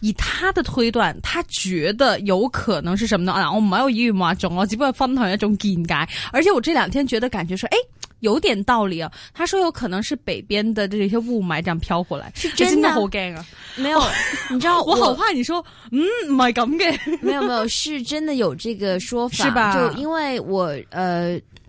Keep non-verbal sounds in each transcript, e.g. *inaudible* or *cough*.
以他的推斷，他覺得有可能是什麼呢？啊、哎，我沒有預謀中，我只不過分享一種見解。而且我這兩天覺得感覺說，哎，有點道理啊。他說有可能是北邊的這些霧霾這樣飄過來，是真的？真的好驚啊。沒有，oh, 你知道 *laughs* 我好怕你說， *laughs* 嗯，唔係咁嘅。 *laughs* 沒有沒有，是真的有這個說法，是吧？就因為我，呃。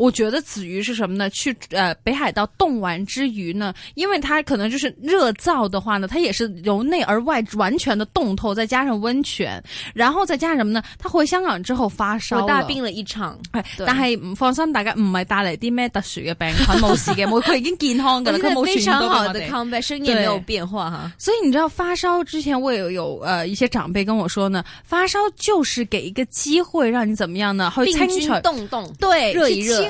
我覺得子瑜是什麼呢？去呃北海道凍完之餘呢，因為他可能就是熱燥的話呢，他也是由內而外完全的凍透，再加上温泉，然後再加上什麼呢？他回香港之後發燒，大病了一場。哎，對但係發燒大概唔係大內地咩特殊嘅病菌，冇事嘅，我佢已經健康噶啦，佢冇。非常好的康復，身體沒有變化哈。所以你知道發燒之前我，我有有呃一些長輩跟我說呢，發燒就是給一個機會讓你怎麼樣呢？病菌凍凍，對，熱一熱。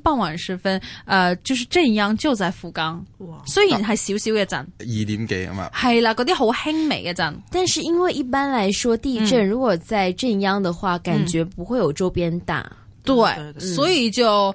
傍晚時分，呃，就是震央就喺附近，雖然係少少嘅震、哦、二點幾啊嘛，係啦，嗰啲好輕微嘅震，但是因為一般來說地震，如果在震央的話、嗯，感覺不會有周邊大，嗯、對，對，對，對，所以就。嗯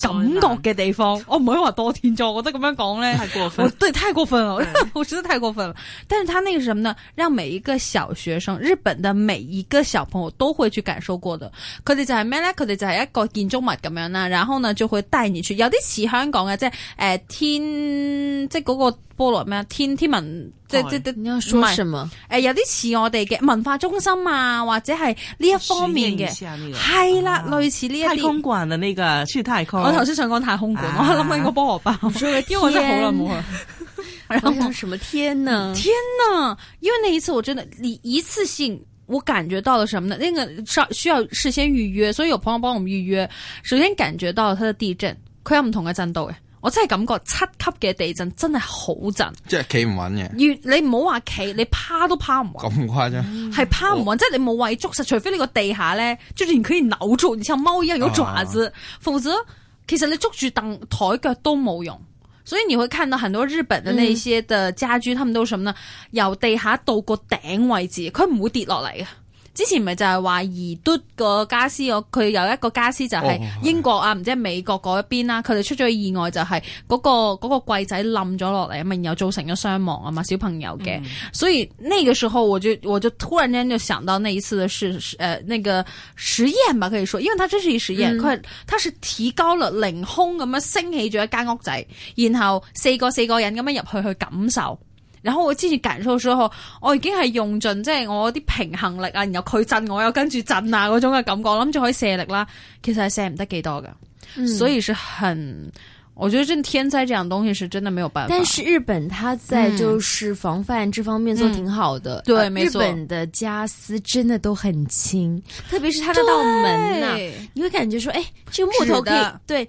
感覺嘅地方，我唔可以話多天災，我覺得咁樣講咧，過分。 *laughs* 對，太過分啦，對 *laughs* 我覺得太過分啦。但係他那個什麼呢？讓每一個小學生，日本的每一個小朋友都會去感受過的，佢哋就係咩咧？佢哋就係一個建築物咁樣啦，然後呢就會帶你去，有啲似香港嘅，即係誒天，即係嗰個。菠羅咩？天天文即即即唔係誒，有啲似我哋嘅文化中心啊，或者係呢一方面嘅係、那個、啦、啊，類似呢一太空館啊呢、那個住太空。我頭先想講太空館、啊，我諗起個菠羅包。因為我真係好耐冇係啊！ *laughs* 然後什麼天呐、啊？天呐、啊！因為那一次我，我真的你一次性，我感覺到了什麼呢？呢、那個需要事先預約，所以有朋友幫我們預約。首先感覺到它的地震，佢有唔同嘅震度嘅。我真係感覺七級嘅地震真係好震，即係企唔穩嘅。越你唔好話企，你趴都趴唔穩。咁誇張？係趴唔穩，即係你冇位捉實，除非呢個地下咧，即住連可以扭住，然後貓一樣有爪子，啊啊啊、否則其實你捉住凳台腳都冇用。所以你會看到很多日本呢那些嘅家居，他、嗯、們都什麼呢？由地下到個頂位置，佢唔會跌落嚟嘅。之前咪就係懷疑嘟個家私我佢有一個家私就係英國啊，唔、oh, 知是美國嗰一邊啦，佢哋出咗意外就係嗰、那個嗰、那個櫃仔冧咗落嚟，咪又造成咗傷亡啊嘛，小朋友嘅、嗯。所以呢個時候我就我就突然間就想到呢一次嘅事誒、呃，那個實驗吧，可以說，因為他真係實驗，佢、嗯、係，他是提高了凌空咁樣升起咗一間屋仔，然後四個四個人咁樣入去去感受。然後我自己感受的時候，我已經是用盡即係、就是、我啲平衡力啊，然後佢震我，我又跟住震啊嗰種嘅感覺，諗住可以卸力啦。其實係卸唔得幾多㗎、嗯、所以是很，我覺得真天災這樣東西是真的沒有辦法。但是日本，它在就是防範這方面做挺好的，嗯嗯、對沒錯、呃，日本的家私真的都很輕，特別是它那道門啊，你會感覺說，誒，這個木頭可以對。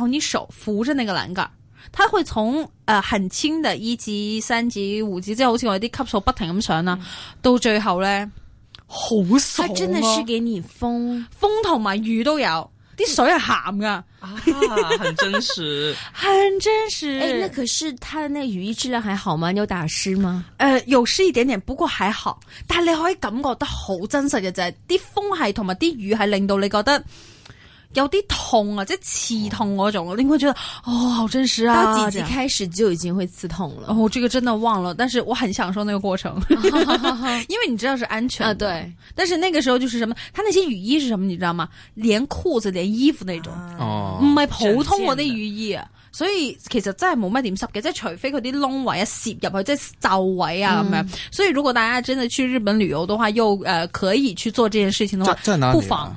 後你手扶着那個欄杆，他會從誒、呃、很輕的一級、三級、五級，即係好似我啲級數不停咁上啦、啊嗯。到最後咧，好、嗯、爽、啊，真的是幾年風，風同埋雨都有，啲水係鹹噶。啊， *laughs* 很真實， *laughs* 很真實。誒、欸，那可是他的那雨衣質量還好嗎？你有打濕嗎？誒、呃，有濕一點點，不過還好。但你可以感覺得好真實嘅就係、是、啲風係同埋啲雨係令到你覺得。有啲痛啊，即係刺痛嗰種，你、哦、會覺得哦，好真實啊！到幾級開始就已經會刺痛了。哦，這個真的忘了，但是我很享受那個過程，哦、 *laughs* 因為你知道是安全啊、呃。對，但是那個時候就是什麼，他那些雨衣是什麼，你知道嗎？連褲子、連衣服那種、啊、哦，唔係普通嗰啲雨衣，所以其實真係冇乜點濕嘅，即係除非佢啲窿位一攝入去，即係皺位啊咁樣。所以如果大家真的去日本旅遊的話，又呃可以去做這件事情的話，在在哪裏不妨。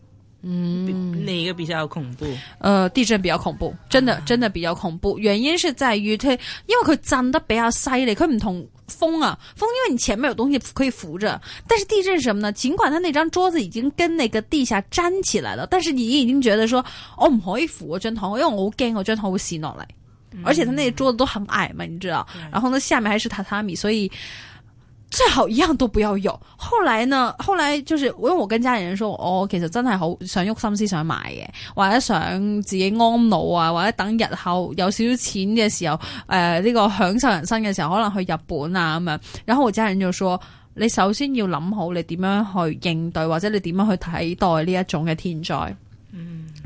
嗯，哪個比較恐怖？呃，地震比較恐怖，真的，啊、真的比較恐怖。原因是在於它，因為佢震得比較犀利，佢唔同風啊，風因為你前面有東西可以扶着，但是地震是什麼呢？盡管他那張桌子已經跟那個地下粘起來了，但是你已經覺得說我唔、哦、可以扶我張台，因為我好驚，我張台會跌落嚟，而且他那桌子都很矮嘛，你知道，然後呢，下面還是榻榻米，所以。最後一樣都不要有用。後來呢？後來就是我，因為我跟家人說我其實真係好想喐心思，想買嘅，或者想自己安老啊，或者等日後有少少錢嘅時候，誒、呃、呢、這個享受人生嘅時候，可能去日本啊咁樣。然後我家人就說：你首先要諗好你點樣去應對，或者你點樣去睇待呢一種嘅天災。嗯。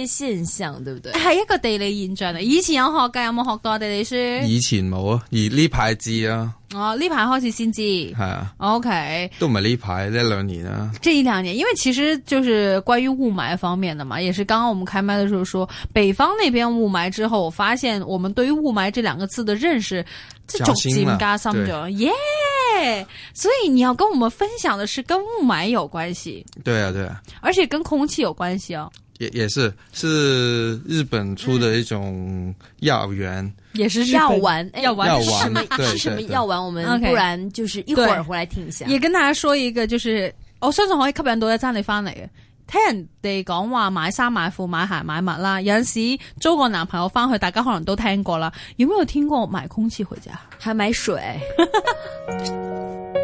一些現象，對不對？係一個地理現象嚟。以前有學噶，有冇學過地理書？以前冇啊，而呢排知啦。哦，呢排開始先知，係啊。OK，都唔係呢排呢兩年啦、啊。這一兩年，因為其實就是關於霧霾方面的嘛，也是剛剛我們開麥的時候說北方那邊霧霾之後，我發現我們對於霧霾這兩個字的認識，即加深咗。耶！Yeah! 所以你要跟我們分享的是跟霧霾有關係。對啊，對啊，而且跟空氣有關係哦、啊。也也是是日本出的一種藥丸，也、嗯、是藥丸，藥丸，藥丸，是什麼藥丸？我們不然就是一會兒回來聽一下。Okay. 也跟大家說一個，就是我相信可以吸引到一張你翻嚟嘅。聽人哋講話買衫買褲買鞋買襪啦，有陣時租個男朋友翻去，大家可能都聽過啦。有沒有聽過買空氣回家？還買水？ *laughs*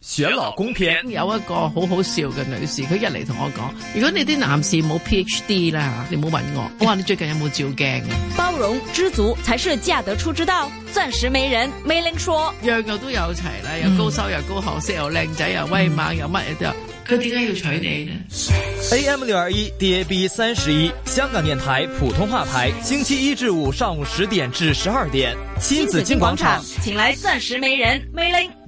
選老公片有一個好好笑嘅女士，佢一嚟同我講：如果你啲男士冇 PhD 啦，你冇問我。我話你最近有冇照鏡啊？ *laughs* 包容知足才是嫁得出之道。鑽石美人 Mayling 說：樣樣都有齊啦，又高收入、高學識、又靚仔、又威猛，有乜嘢啫？佢點解要娶你呢？AM 六二一 DAB 三十一，AM621, DAB31，香港電台普通話台，星期一至五上午十點至十二點，新紫荊廣場，請來鑽石美人 Mayling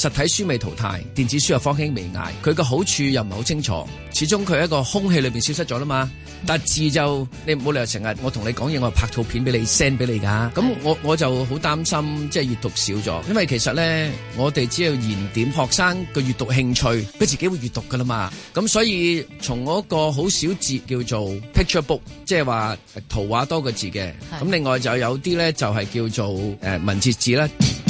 實體書未淘汰，電子書又方興未艾。佢個好處又唔係好清楚，始終佢喺一個空氣裏邊消失咗啦嘛。但字就你冇理由成日我同你講嘢，我拍套片俾你 send 俾你噶。咁我我就好擔心即係閱讀少咗，因為其實咧我哋只要燃點學生嘅閱讀興趣，佢自己會閱讀噶啦嘛。咁所以從嗰個好少字叫做 picture book，即係話圖畫多過字嘅。咁另外就有啲咧就係、是、叫做誒、呃、文字字啦。 *laughs*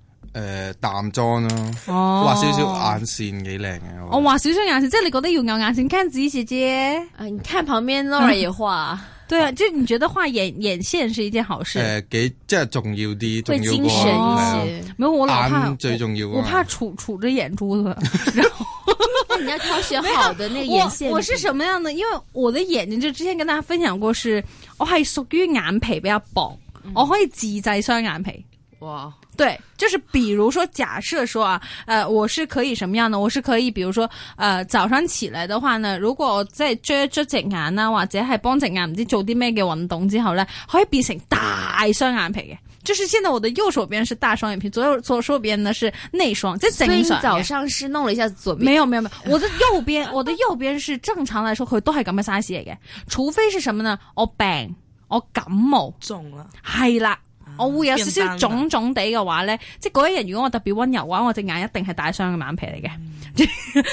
誒、呃，淡妝咯、啊，畫少少眼線幾靚嘅。我畫少少眼線，即係你覺得要有眼線，睇自己姐姐。誒、啊，睇旁邊咯，可畫。對啊，就你覺得畫眼 *laughs* 眼線是一件好事。誒、呃，幾即係重要啲，會精神啲。沒有，我老怕我最重要眼。我怕杵杵着眼珠子。 *laughs* 然後 *laughs* 你要挑選好的那個眼線 *laughs* 我。我是什麼樣的？因為我的眼睛就之前跟大家分享過是，我是我係屬於眼皮比較薄，嗯、我可以自製雙眼皮。哇、wow，對，就是，比如說假設說啊，誒、呃，我是可以什麼樣呢？我是可以，比如說，誒、呃，早上起來的話呢，如果我再遮一遮隻眼啊，或者係幫隻眼唔知做啲咩嘅運動之後呢，可以變成大雙眼皮嘅。就是現在我的右手邊是大雙眼皮，左左手邊呢是內雙。即係早上是弄了一下左邊，沒有沒有沒有，我的右邊 *laughs* 我的右邊是正常來說佢都係咁樣 size 嚟嘅，除非是什麼呢？我病，我感冒中啦，係啦。哦哦、我會有少少腫腫地的話呢，嗯，這係眼，如果我特別溫柔嘅話，我這眼一定係打雙眼皮嚟，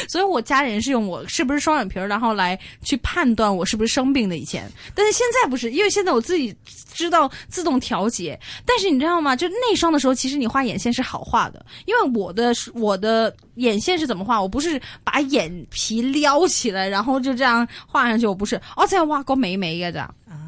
所以我家人是用我是不是雙眼皮，然後來去判斷我是不是生病的以前，但是現在不是，因為現在我自己知道自動調節。但是你知道嗎？就內雙的時候，其實你畫眼線是好畫的，因為我的我的眼線是怎麼畫？我不是把眼皮撩起來，然後就這樣畫上去，我不是，這、哦、再畫個眉眉的這樣。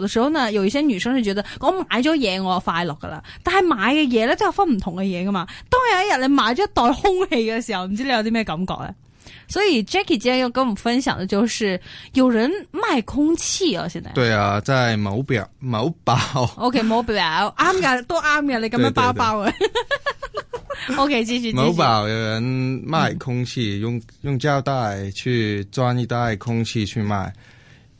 嗰時候呢，有一些女生就覺得我買咗嘢，我快樂噶啦。但係買嘅嘢咧，都有分唔同嘅嘢噶嘛。當有一日你買咗一袋空氣嘅時候，唔知你有啲咩感覺咧？所以 Jacky 今日要跟我們分享嘅，就是有人賣空氣啊！現在對啊，在某表某寶，OK，某表啱噶，都啱噶，你咁樣包包啊 *laughs* ？OK，支持。某寶有人賣空氣、嗯，用用膠袋去裝一袋空氣去賣。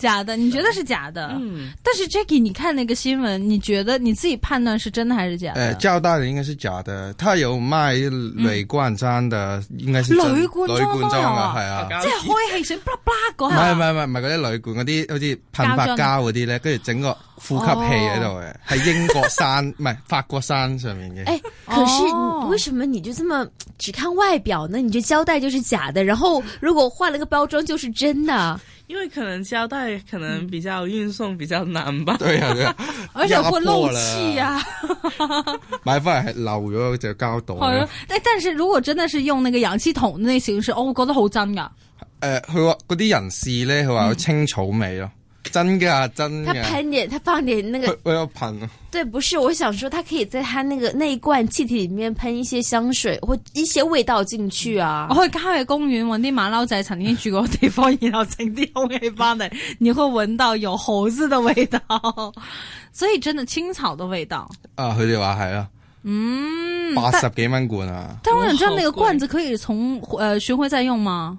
假的，你覺得是假的？嗯，但是 Jackie，你看那個新聞，你覺得你自己判斷是真的還是假的？誒、呃，膠帶的應該是假的，他有賣鋁罐裝的，嗯、應該是真。鋁罐鋁罐裝的，係啊，即係開汽水啪啪嗰下。唔係唔係唔係，嗰啲鋁罐嗰啲，好似噴白膠嗰啲咧，跟住整個呼吸器喺度嘅，係、哦、英國山唔係 *laughs* 法國山上面嘅。誒、欸，可是、哦、為什麼你就這麼只看外表呢？你就膠帶就是假的，然後如果換了個包裝就是真的？因為可能膠帶可能比較運送比較難吧，對呀對呀而且會漏氣啊， *laughs* 買返嚟係漏咗就膠袋。係啊，但但是如果真的是用那個氧氣筒那形式，我會覺得好真噶。誒、 *laughs* 呃，佢話嗰啲人士咧，佢話有青草味啊。嗯 *laughs* 真的啊，真的。他噴點，他放點那個。我要噴啊！對，不是，我想說，他可以在他那個那一罐氣體裏面噴一些香水或一些味道進去啊。我會去公園，我啲馬騮仔曾經去過的地方， *laughs* 然後整啲空氣翻嚟，你會聞到有猴子的味道，所以真的青草的味道。啊，佢哋話係啊。嗯，八十幾蚊罐啊，但，但我想知道，那個罐子可以從呃循環再用嗎？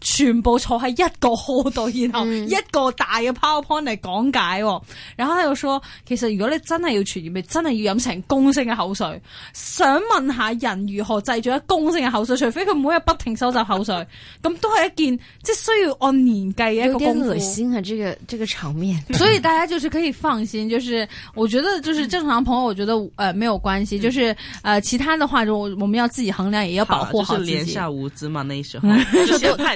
全部坐喺一個課度，然後一個大嘅 powerpoint 嚟講解，喔嗯。然後佢又說，其實如果你真係要傳染，你真係要飲成公升嘅口水。想問一下，人如何製造一公升嘅口水？除非佢每日不停收集口水，咁 *laughs* 都係一件即係需要 on 你嘅。有點惡心啊，這個這個場面。 *laughs* 所以大家就是可以放心，就是我覺得就是正常朋友，我覺得誒、嗯呃、沒有關係、嗯。就是誒、呃、其他的話，就我們要自己衡量，也要保護好自己。就是、連下無知嘛，那時候 *laughs*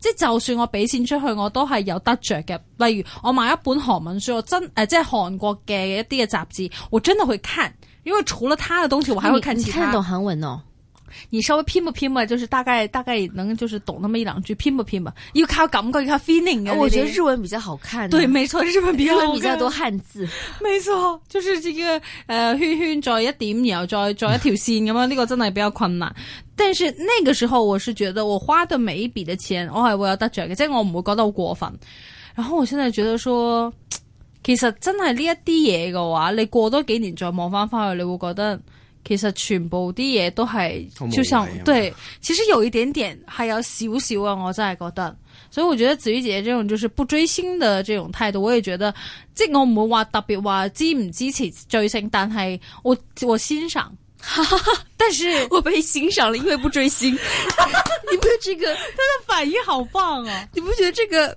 即係就算我畀錢出去，我都係有得着嘅。例如我買一本韓文書，我真誒、呃、即係韓國嘅一啲嘅雜誌，我真係會看，因為除了他的東西，我還會看其他。你睇懂韓文哦。你稍微拼不拼吧，就是大概大概能就是懂那麼一兩句拼不拼吧，要靠感覺要靠 feeling、啊。我覺得日文比較好看，啊。對，沒錯，日文比較好看，日文比較多漢字。沒錯，就是這個呃圈圈再一點，然後再再一條線樣，咁啊，呢個真的比較困難。 *laughs* 但是那個時候我是覺得，我花的每一筆的錢，我係會有得着嘅，即、就、係、是、我唔會覺得好過分。然後我現在覺得說，其實真係呢一啲嘢嘅話，你過多幾年再望翻翻去，你會覺得。其實全部啲嘢都係，就像對，其實有一點點係有少少啊，我真係覺得，所以我覺得子瑜姐姐這種就是不追星的這種態度，我也覺得，即、這、係、個，我唔會話特別話支唔支持追星，但係我我欣賞， *laughs* 但是我被欣賞了，因為不追星， *laughs* *laughs* 你不覺得這個他的反應好棒啊？你不覺得這個？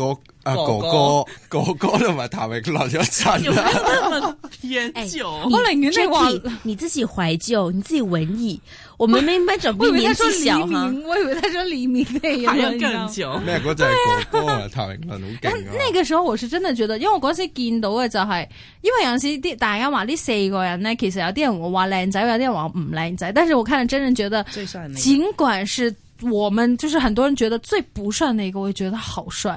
哥哥哥哥同埋譚詠麟一齊，我寧願你忘你自己懷舊，你自己文藝。我們明白準備？我以為他說黎明，我以為他說黎明。還有更久咩？嗰陣係哥哥譚詠麟好勁！那個時候我真係覺得，因為我嗰時見到嘅就係，因為有陣時啲大家話呢四個人呢，其實有啲人我話靚仔，有啲人話唔靚仔。但是我睇真人覺得，儘管是我們，就是很多人覺得最不帥那個，我覺得好帥。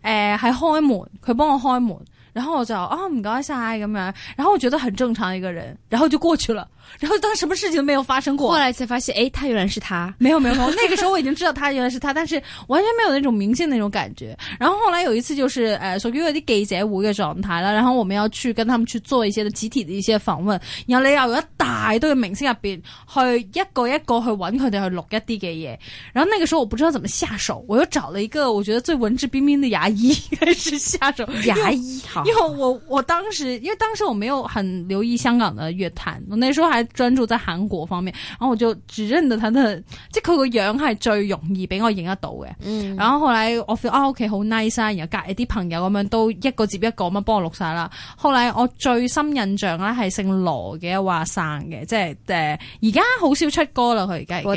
誒、呃，係開門，佢幫我開門，然後我就，哦，唔該晒咁樣，然後我覺得很正常一個人，然後就過去了。然後當什麼事情都沒有發生過，後來才發現，哎，他原來是他。沒有沒有沒有，那個時候我已經知道他原來是他， *laughs* 但是完全沒有那種明星的那種感覺。然後後來有一次就是，呃屬於有啲記者會嘅狀態啦，然後我們要去跟他們去做一些集體的一些訪問，然後你要有一大堆明星入邊去一個一個去揾佢哋去錄一啲嘅嘢。然後那個時候我不知道怎麼下手，我又找了一個我覺得最文質彬彬的牙醫應該是下手。牙醫，因為，好因為我我當時因為當時我沒有很留意香港的樂壇，我那時候還。專注在韓國方面，然後我就只認得他的，即係佢個樣係最容易俾我認得到嘅。嗯，然後後來我 feel 啊 OK 好 nice 啊，然後隔籬啲朋友咁樣都一個接一個咁幫我錄晒啦。後來我最深印象咧係姓羅嘅話生嘅，即係誒而家好少出歌啦，佢而家。我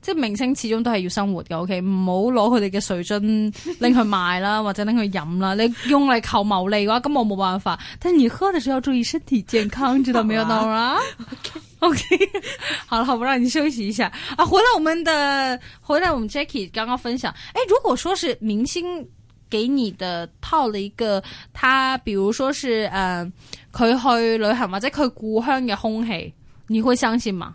即係明星始終都係要生活嘅，OK，唔好攞佢哋嘅水樽拎去賣啦， *laughs* 或者拎去飲啦。你用嚟求牟利嘅話，咁我冇辦法。但你喝的時候要注意身體健康， *laughs* 知道沒有？懂啦？OK，好了、啊 okay. okay. *laughs* 好，我讓你休息一下。啊，回來我們的，回來我們 Jacky 剛剛分享，誒，如果說是明星給你的套了一個，他，比如說是，嗯、呃，佢去旅行或者佢故鄉嘅空氣，你會相信嗎？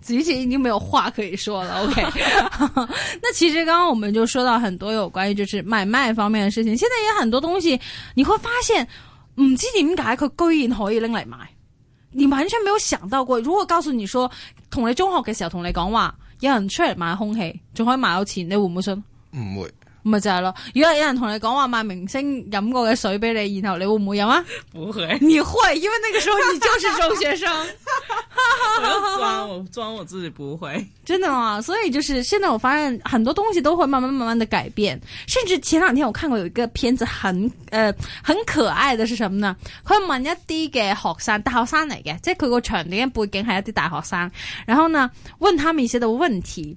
自己已經沒有話可以說了，OK？ *laughs* *laughs* 那其實剛剛我們就說到很多有關於就是買賣方面的事情，現在有很多東西你會發現唔知點解佢居然可以拎嚟賣，你完全沒有想到過。如果告訴你說，同你中學嘅時候同你講話，有人出嚟賣空氣，仲可以賣到錢，你會唔會信？唔會。咪就係咯，如果有人同你講話賣明星飲過嘅水俾你，然後你會唔會飲啊？唔會，你會，因為那個時候你就是中學生。 *laughs* *laughs* 我裝，我裝我自己不會，真的啊！所以就是現在我發現很多東西都會慢慢慢慢的改變，甚至前兩天我看過有一個片子很，很、呃、誒很可愛的是什麼呢？佢問一啲嘅學生，大學生嚟嘅，即係佢個場景背景係一啲大學生，然後呢問他們一些的問題。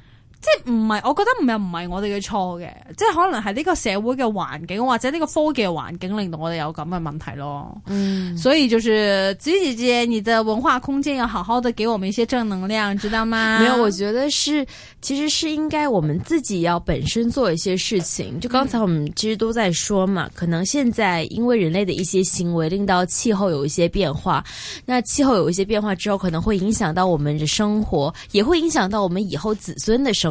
即係唔係？我覺得唔係唔係我哋嘅錯嘅，即係可能係呢個社會嘅環境或者呢個科技環境令到我哋有咁嘅問題咯。嗯，所以就是子姐姐，你的文化空間要好好的給我們一些正能量，知道嗎？沒有，我覺得是，其實是應該我們自己要本身做一些事情。就剛才我們其實都在說嘛，嗯、可能現在因為人類的一些行為令到氣候有一些變化，那氣候有一些變化之後，可能會影響到我們的生活，也會影響到我們以後子孫的生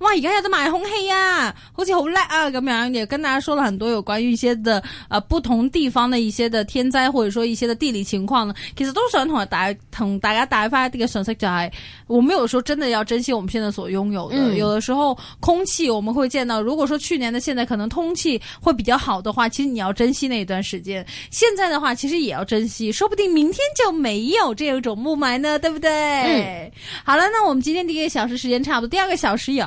哇！而家有得買空氣啊，好似好叻啊咁樣，嗯，也跟大家說了很多有關於一些的，啊、呃、不同地方的一些的天災，或者說一些的地理情況呢。其實都想同大家同大家帶翻啲嘅信息，就係我們有時候真的要珍惜我們現在所擁有的。嗯。有的時候空氣我們會見到，如果說去年的現在可能空氣會比較好的話，其實你要珍惜那一段時間。現在的話，其實也要珍惜，說不定明天就沒有這種霧霾呢，對不對？嗯、好了，那我們今天第一個小時時間差不多，第二個小時有。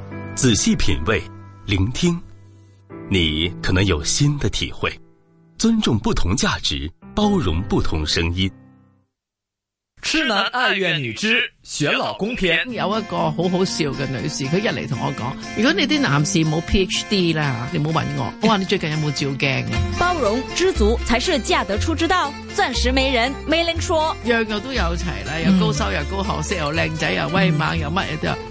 仔細品味，聆聽，你可能有新的體會。尊重不同價值，包容不同聲音。痴男愛怨女之選老公篇，有一個好好笑嘅女士，佢入嚟同我講：如果你啲男士冇 PhD 啦，你冇問我。我話你最近有冇照鏡啊？包容、知足才是嫁得出之道。鑽石美人，沒人說，樣樣都有齊啦，又高收入、嗯，又高學識，又靚仔，又威猛，又乜嘢都。